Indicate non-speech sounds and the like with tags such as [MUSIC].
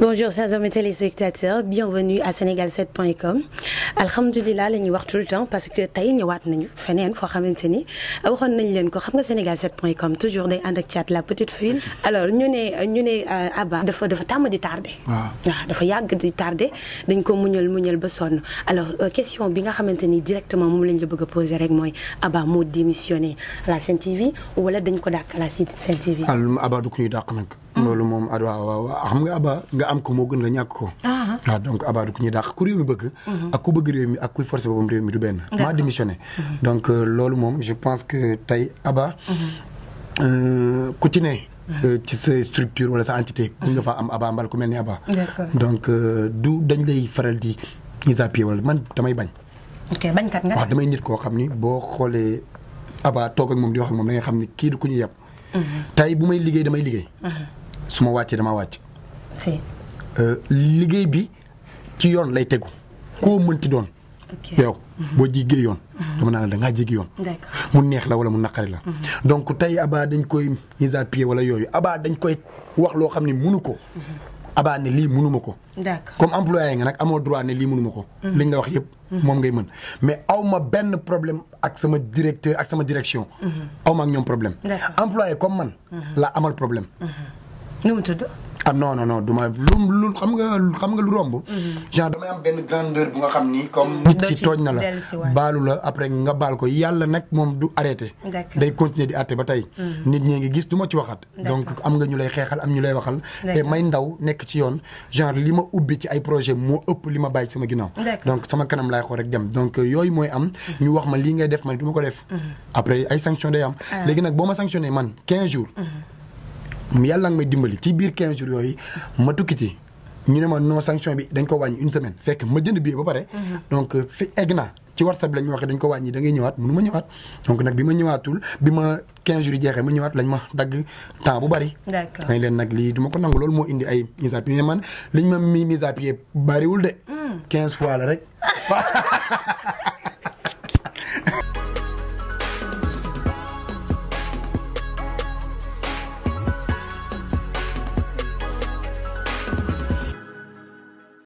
Bonjour chers amis téléspectateurs bienvenue à Sénégal7.com alhamdulilah la ñuy wax tout le temps parce que tey ñëwaat nañu feneen foo xamante ni waxoon nañ leen ko xam nga Sénégal7.com toujours day ànd ak Thiat la petite fille alors ñu ne ñu ne euh, dafa dafa tàmm di tardé. waaw dafa yàgg di tardé dañ ko muñal muñal ba sonne alors euh, question bi nga xamante ni directement moom lañ la bëgg a posé rek mooy Abba moo démissionné à la Sen TV wala dañ ko dàq à la Sen TV. Abba du ko ñuy nag. Ah. loolu moom ad waaw waaw xam nga aba nga am ko moo gën nga ñàkk ko ah. waaw donc aba du ku ñuy dàq ku réew mi bëgg mhm. ak ku bëgg réew mi ak kuy forcé boppam réew mi du benn maa démissionné mhm. donc euh, loolu moom je pense que tey aba mhm. euh, ku ci ne euh, ci sa structure wala sa entité bu nga am aba mbal ku mel ni du dañ lay faral di isapier wala man damay bañ ok bañkat koo xam ni boo xoolee aba ak moom di wax ak xam ni kii du ñu yàpp tey bu may liggéey damay liggéey su ma wàccee damaa wàcc. Euh, liggéey bi ci yoon lay tegu koo mënti doon. yow mhm. boo jigee yoon. Mhm. dama naa la da ngaa yoon. mu neex la wala mu naqari la. Mhm. donc tey abaa dañ koy mise à pied wala yooyu abaa dañ koy wax loo xam ne munu ko. abaa ne lii munuma ko. comme employé nga nag amoo droit ne lii munuma ko. liñ la wax yëpp moom ngay mën mais aw ma benn problème ak sama directeur ak sama direction. aw ma ak ñoom problème. employé comme man. la amal nu mu tudd. ah non non non du xam nga xam nga lu romb. Mhm. genre damay am benn grandeur xam ni comme. nit ki na la baalu la après nga baal ko yàlla nag moom du arrêté. day continuer di ba tey. Mhm. nit ñi ngi gis du ma ci waxaat. donc am nga ñu lay xeexal am ñu lay waxal. te may ndaw nekk ci yoon genre li ma ubbi ci ay projet moo ëpp li ma bàyyi sama ginnaaw. donc sama kanam laay xool rek dem donc euh, yooyu mooy am. Mhm. ñu wax ma lii ngay def ma du ma ko def. après ay sanction day am. Ah. léegi nag boo ma sanctionné man 15 jours. yàlla nga may dimbali ci biir yooyu ma tukkiti ma non sanction bi dañ ko wàññi une semaine fekk ma jënd billet ba pare. Mhm. donc fi egg ci WhatsApp bi lañ ma waxee dañ ko wàññi da ngay ñëwaat mënu ma ñëwaat donc nag bi ma ñëwaatul bi ma 15 jours yi jeexee ma ñëwaat lañ ma dagg temps bu bari. nag lii du ma ko nangu loolu moo indi ay mise à pied mais man liñ ma mi mise à pied bariwul de. 15 mm. fois la rek. [LAUGHS]